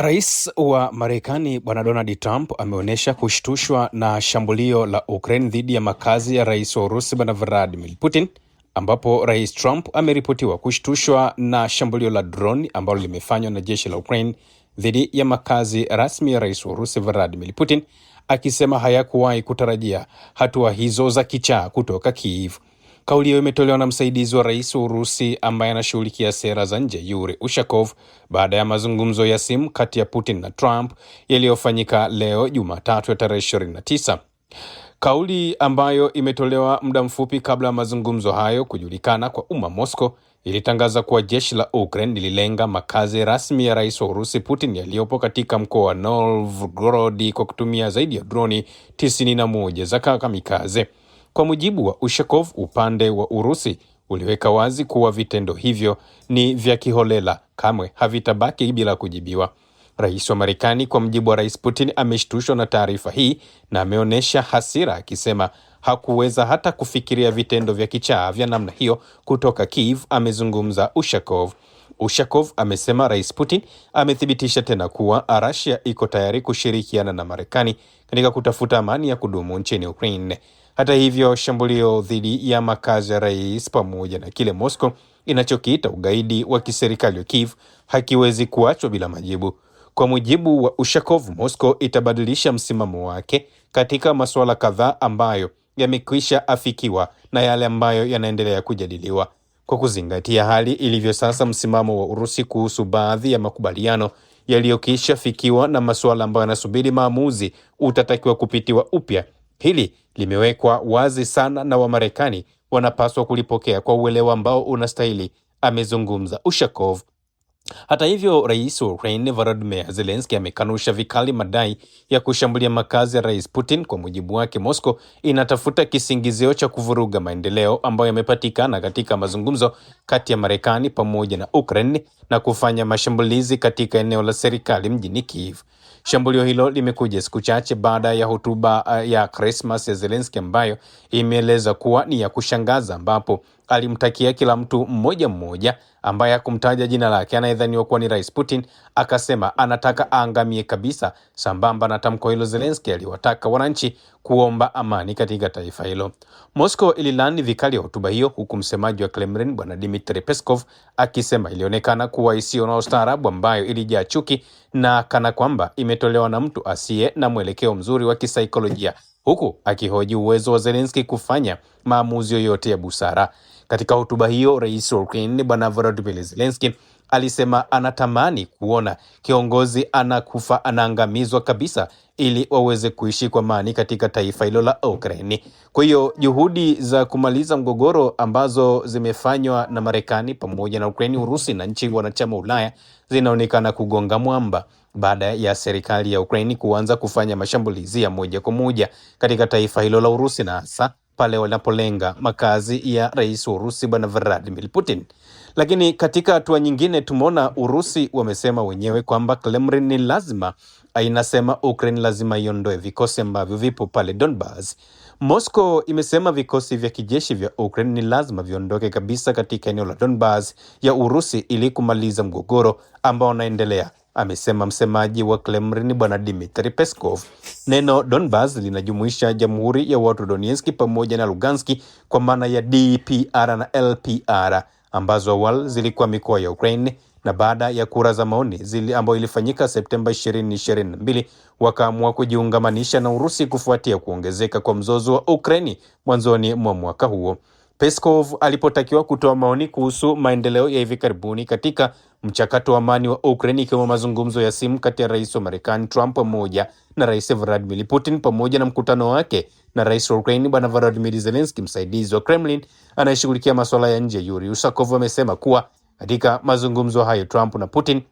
Rais wa Marekani Bwana Donald Trump ameonyesha kushtushwa na shambulio la Ukraine dhidi ya makazi ya Rais wa Urusi Bwana Vladimir Putin, ambapo Rais Trump ameripotiwa kushtushwa na shambulio la droni ambalo limefanywa na jeshi la Ukraine dhidi ya makazi rasmi ya Rais wa Urusi Vladimir Putin, akisema hayakuwahi kutarajia hatua hizo za kichaa kutoka Kiev. Kauli hiyo imetolewa na msaidizi wa rais wa Urusi ambaye anashughulikia sera za nje Yuri Ushakov baada ya mazungumzo ya simu kati ya Putin na Trump yaliyofanyika leo Jumatatu ya tarehe tisa. Kauli ambayo imetolewa muda mfupi kabla ya mazungumzo hayo kujulikana kwa umma, Moscow ilitangaza kuwa jeshi la Ukraine lililenga makazi rasmi ya rais wa Urusi Putin yaliyopo katika mkoa wa Novgorod kwa kutumia zaidi ya droni moja za kamikaze. Kwa mujibu wa Ushakov, upande wa Urusi uliweka wazi kuwa vitendo hivyo ni vya kiholela, kamwe havitabaki bila kujibiwa. Rais wa Marekani, kwa mujibu wa Rais Putin, ameshtushwa na taarifa hii na ameonyesha hasira akisema hakuweza hata kufikiria vitendo vya kichaa vya namna hiyo kutoka Kiev, amezungumza Ushakov. Ushakov amesema Rais Putin amethibitisha tena kuwa Russia iko tayari kushirikiana na Marekani katika kutafuta amani ya kudumu nchini Ukraine. Hata hivyo, shambulio dhidi ya makazi ya rais pamoja na kile Moscow inachokiita ugaidi wa kiserikali wa Kiev hakiwezi kuachwa bila majibu. Kwa mujibu wa Ushakov, Moscow itabadilisha msimamo wake katika masuala kadhaa ambayo yamekwisha afikiwa na yale ambayo yanaendelea kujadiliwa. Kwa kuzingatia hali ilivyo sasa, msimamo wa Urusi kuhusu baadhi ya makubaliano yaliyokishafikiwa na masuala ambayo yanasubiri maamuzi utatakiwa kupitiwa upya Hili limewekwa wazi sana na Wamarekani wanapaswa kulipokea kwa uelewa ambao unastahili, amezungumza Ushakov. Hata hivyo, rais wa Ukraine Volodymyr Zelensky amekanusha vikali madai ya kushambulia makazi ya rais Putin. Kwa mujibu wake, Moscow inatafuta kisingizio cha kuvuruga maendeleo ambayo yamepatikana katika mazungumzo kati ya Marekani pamoja na Ukraine na kufanya mashambulizi katika eneo la serikali mjini Kiev. Shambulio hilo limekuja siku chache baada ya hotuba eh, ya krismas ya Zelensky ambayo imeeleza kuwa ni ya kushangaza, ambapo alimtakia kila mtu mmoja mmoja ambaye hakumtaja jina lake anayedhaniwa kuwa ni Rais Putin, akasema anataka aangamie kabisa. Sambamba na tamko hilo, Zelensky aliwataka wananchi kuomba amani katika taifa hilo. Moscow ililani vikali ya hotuba hiyo, huku msemaji wa Kremlin bwana dmitri Peskov akisema ilionekana kuwa isiyo na ustaarabu ambayo ilijaa chuki na kana kwamba imetolewa na mtu asiye na mwelekeo mzuri wa kisaikolojia, huku akihoji uwezo wa zelenski kufanya maamuzi yoyote ya busara. Katika hotuba hiyo, rais wa Ukraine bwana volodimir zelenski alisema anatamani kuona kiongozi anakufa anaangamizwa kabisa ili waweze kuishi kwa amani katika taifa hilo la Ukraini. Kwa hiyo juhudi za kumaliza mgogoro ambazo zimefanywa na Marekani pamoja na Ukraini, Urusi na nchi wanachama Ulaya zinaonekana kugonga mwamba baada ya serikali ya Ukraini kuanza kufanya mashambulizi ya moja kwa moja katika taifa hilo la Urusi na hasa pale wanapolenga makazi ya rais wa Urusi Bwana Vladimir Putin. Lakini katika hatua nyingine tumeona Urusi wamesema wenyewe kwamba Kremlin ni lazima inasema Ukraine lazima iondoe vikosi ambavyo vipo pale Donbas. Moscow imesema vikosi vya kijeshi vya Ukraine ni lazima viondoke kabisa katika eneo la Donbas ya Urusi ili kumaliza mgogoro ambao unaendelea, amesema msemaji wa Kremlin Bwana dmitri Peskov. Neno Donbas linajumuisha Jamhuri ya Watu Donetsk pamoja na Luganski kwa maana ya DPR na LPR ambazo awali zilikuwa mikoa ya Ukraine na baada ya kura za maoni zili ambayo ilifanyika Septemba 2022 wakaamua kujiungamanisha na Urusi kufuatia kuongezeka kwa mzozo wa Ukraini mwanzoni mwa mwaka huo. Peskov alipotakiwa kutoa maoni kuhusu maendeleo ya hivi karibuni katika mchakato wa amani wa Ukraine ikiwemo mazungumzo ya simu kati ya rais wa Marekani Trump pamoja na rais Vladimir Putin pamoja na mkutano wake na rais wa Ukraini Bwana Volodymyr zelenski msaidizi wa Kremlin anayeshughulikia masuala ya nje Yuri Usakov amesema kuwa katika mazungumzo hayo Trump na Putin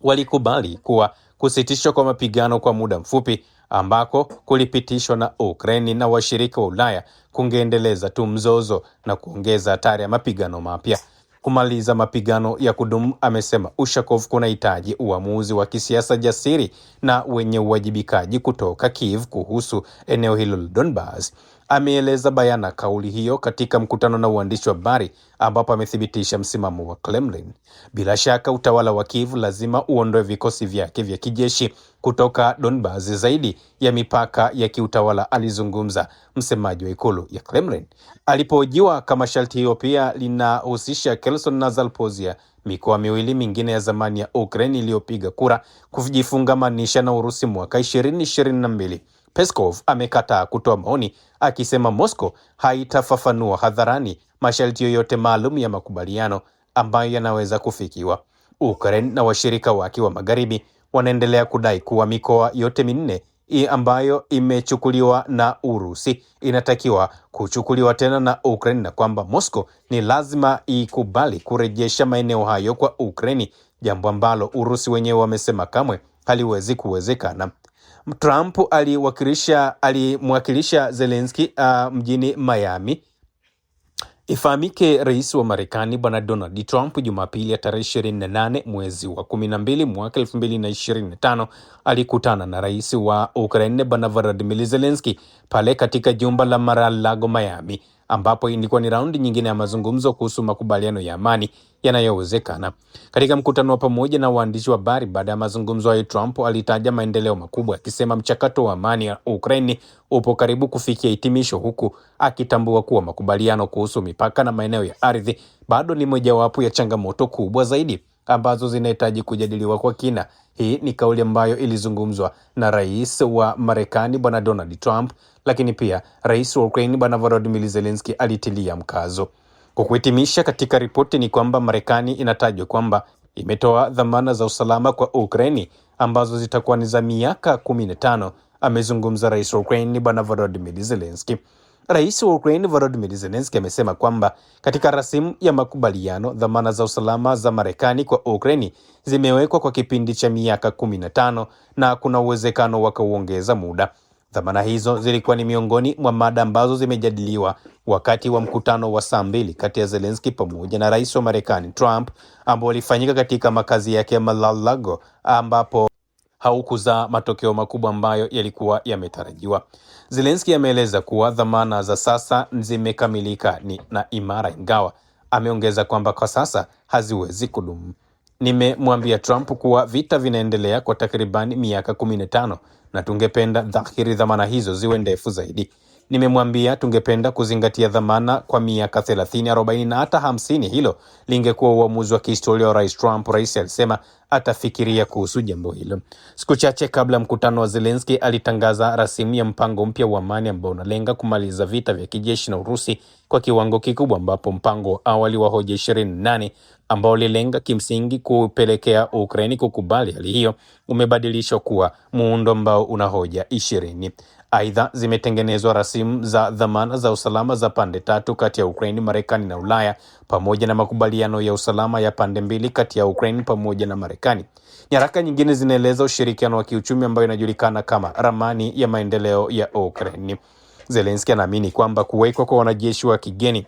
walikubali kuwa kusitishwa kwa mapigano kwa muda mfupi ambako kulipitishwa na Ukraini na washirika wa Ulaya kungeendeleza tu mzozo na kuongeza hatari ya mapigano mapya kumaliza mapigano ya kudumu, amesema Ushakov kunahitaji uamuzi wa kisiasa jasiri na wenye uwajibikaji kutoka Kiev kuhusu eneo hilo la Donbas ameeleza bayana kauli hiyo katika mkutano na uandishi wa habari ambapo amethibitisha msimamo wa Kremlin. Bila shaka utawala wa Kiev lazima uondoe vikosi vyake vya kijeshi kutoka Donbas zaidi ya mipaka ya kiutawala, alizungumza msemaji wa ikulu ya Kremlin alipohojiwa kama sharti hiyo pia linahusisha Kherson na Zaporizhzhia, mikoa miwili mingine ya zamani ya Ukraine iliyopiga kura kujifungamanisha na Urusi mwaka 2022. Peskov amekataa kutoa maoni akisema Moscow haitafafanua hadharani masharti yoyote maalum ya makubaliano ambayo yanaweza kufikiwa. Ukraine na washirika wake wa magharibi wanaendelea kudai kuwa mikoa yote minne ambayo imechukuliwa na Urusi inatakiwa kuchukuliwa tena na Ukraine na kwamba Moscow ni lazima ikubali kurejesha maeneo hayo kwa Ukraine, jambo ambalo Urusi wenyewe wamesema kamwe haliwezi kuwezekana. Trump aliwakilisha alimwakilisha Zelenski uh, mjini Miami. Ifahamike, rais wa Marekani bwana Donald Trump Jumapili ya tarehe ishirini na nane mwezi wa kumi na mbili mwaka elfu mbili na na ishirini tano alikutana na rais wa Ukraine bwana vladimir zelenski pale katika jumba la maralago Miami, ambapo ilikuwa ni raundi nyingine ya mazungumzo kuhusu makubaliano ya amani yanayowezekana. Katika mkutano wa pamoja na waandishi wa habari baada ya mazungumzo hayo, Trump alitaja maendeleo makubwa, akisema mchakato wa amani ya Ukraini upo karibu kufikia hitimisho, huku akitambua kuwa makubaliano kuhusu mipaka na maeneo ya ardhi bado ni mojawapo ya changamoto kubwa zaidi ambazo zinahitaji kujadiliwa kwa kina. Hii ni kauli ambayo ilizungumzwa na rais wa Marekani Bwana Donald Trump, lakini pia rais wa Ukraini Bwana volodimir zelenski alitilia mkazo. Kwa kuhitimisha, katika ripoti ni kwamba Marekani inatajwa kwamba imetoa dhamana za usalama kwa Ukraini ambazo zitakuwa ni za miaka kumi na tano Amezungumza rais wa Ukraini Bwana Volodimir zelenski Rais wa Ukraini Volodimir zelenski amesema kwamba katika rasimu ya makubaliano, dhamana za usalama za Marekani kwa Ukraini zimewekwa kwa kipindi cha miaka tano na kuna uwezekano wa kuongeza muda. Dhamana hizo zilikuwa ni miongoni mwa mada ambazo zimejadiliwa wakati wa mkutano wa saa mbili kati ya zelenski pamoja na rais wa Marekani Trump ambao ulifanyika katika makazi yake ya Mar-a-Lago ambapo haukuzaa matokeo makubwa ambayo yalikuwa yametarajiwa. zelenski ameeleza kuwa dhamana za sasa zimekamilika ni na imara, ingawa ameongeza kwamba kwa sasa haziwezi kudumu. Nimemwambia Trump kuwa vita vinaendelea kwa takribani miaka kumi na tano na tungependa dhahiri dhamana hizo ziwe ndefu zaidi. Nimemwambia tungependa kuzingatia dhamana kwa miaka thelathini arobaini na hata hamsini Hilo lingekuwa uamuzi wa kihistoria wa Rais Trump, rais alisema, atafikiria kuhusu jambo hilo. Siku chache kabla mkutano wa zelenski alitangaza rasimu ya mpango mpya wa amani ambao unalenga kumaliza vita vya kijeshi na Urusi kwa kiwango kikubwa, ambapo mpango wa awali wa hoja ishirini nane ambao ulilenga kimsingi kupelekea Ukraini kukubali hali hiyo umebadilishwa kuwa muundo ambao una hoja ishirini. Aidha, zimetengenezwa rasimu za dhamana za usalama za pande tatu kati ya Ukraini, Marekani na Ulaya pamoja na makubaliano ya usalama ya pande mbili kati ya Ukraine pamoja na Marekani. Nyaraka nyingine zinaeleza ushirikiano wa kiuchumi ambayo inajulikana kama ramani ya maendeleo ya Ukraine. Zelensky anaamini kwamba kuwekwa kwa wanajeshi wa kigeni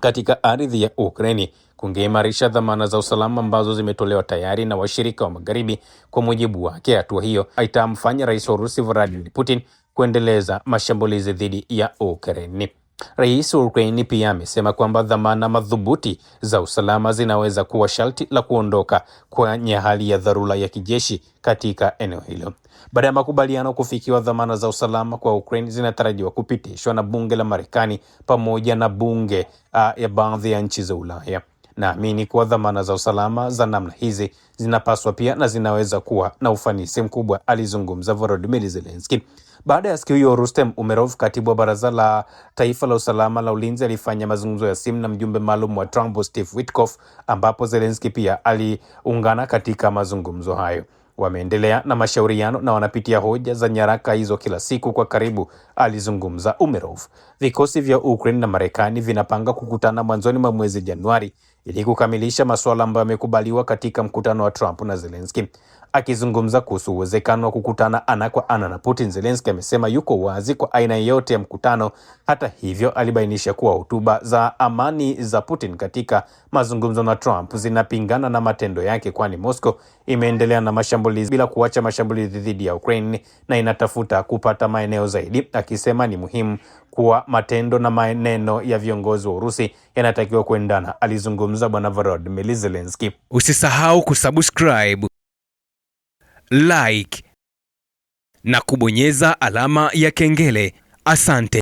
katika ardhi ya Ukraini kungeimarisha dhamana za usalama ambazo zimetolewa tayari na washirika wa magharibi. Kwa mujibu wake, hatua hiyo haitamfanya rais wa Urusi Vladimir Putin kuendeleza mashambulizi dhidi ya Ukraine. Rais wa Ukraini pia amesema kwamba dhamana madhubuti za usalama zinaweza kuwa sharti la kuondoka kwenye hali ya dharura ya kijeshi katika eneo hilo. Baada ya makubaliano kufikiwa, dhamana za usalama kwa Ukraini zinatarajiwa kupitishwa na bunge la Marekani pamoja na bunge uh, ya baadhi ya nchi za Ulaya. Naamini kuwa dhamana za usalama za namna hizi zinapaswa pia na zinaweza kuwa na ufanisi mkubwa, alizungumza Volodymyr Zelensky. Baada ya siku hiyo, Rustem Umerov, katibu wa Baraza la Taifa la Usalama la Ulinzi, alifanya mazungumzo ya simu na mjumbe maalum wa Trump Steve Witkoff, ambapo Zelensky pia aliungana katika mazungumzo hayo. Wameendelea na mashauriano na wanapitia hoja za nyaraka hizo kila siku kwa karibu, alizungumza Umerov. Vikosi vya Ukraine na Marekani vinapanga kukutana mwanzoni mwa mwezi Januari ili kukamilisha masuala ambayo yamekubaliwa katika mkutano wa Trump na Zelensky. Akizungumza kuhusu uwezekano wa kukutana ana kwa ana na Putin, Zelensky amesema yuko wazi kwa aina yeyote ya mkutano. Hata hivyo, alibainisha kuwa hotuba za amani za Putin katika mazungumzo na Trump zinapingana na matendo yake, kwani Moscow imeendelea na mashambulizi bila kuacha mashambulizi dhidi ya Ukraine na inatafuta kupata maeneo zaidi, akisema ni muhimu kuwa matendo na maneno ya viongozi wa Urusi yanatakiwa kuendana, alizungumza Bwana Volodymyr Zelensky. Usisahau kusubscribe, like na kubonyeza alama ya kengele. Asante.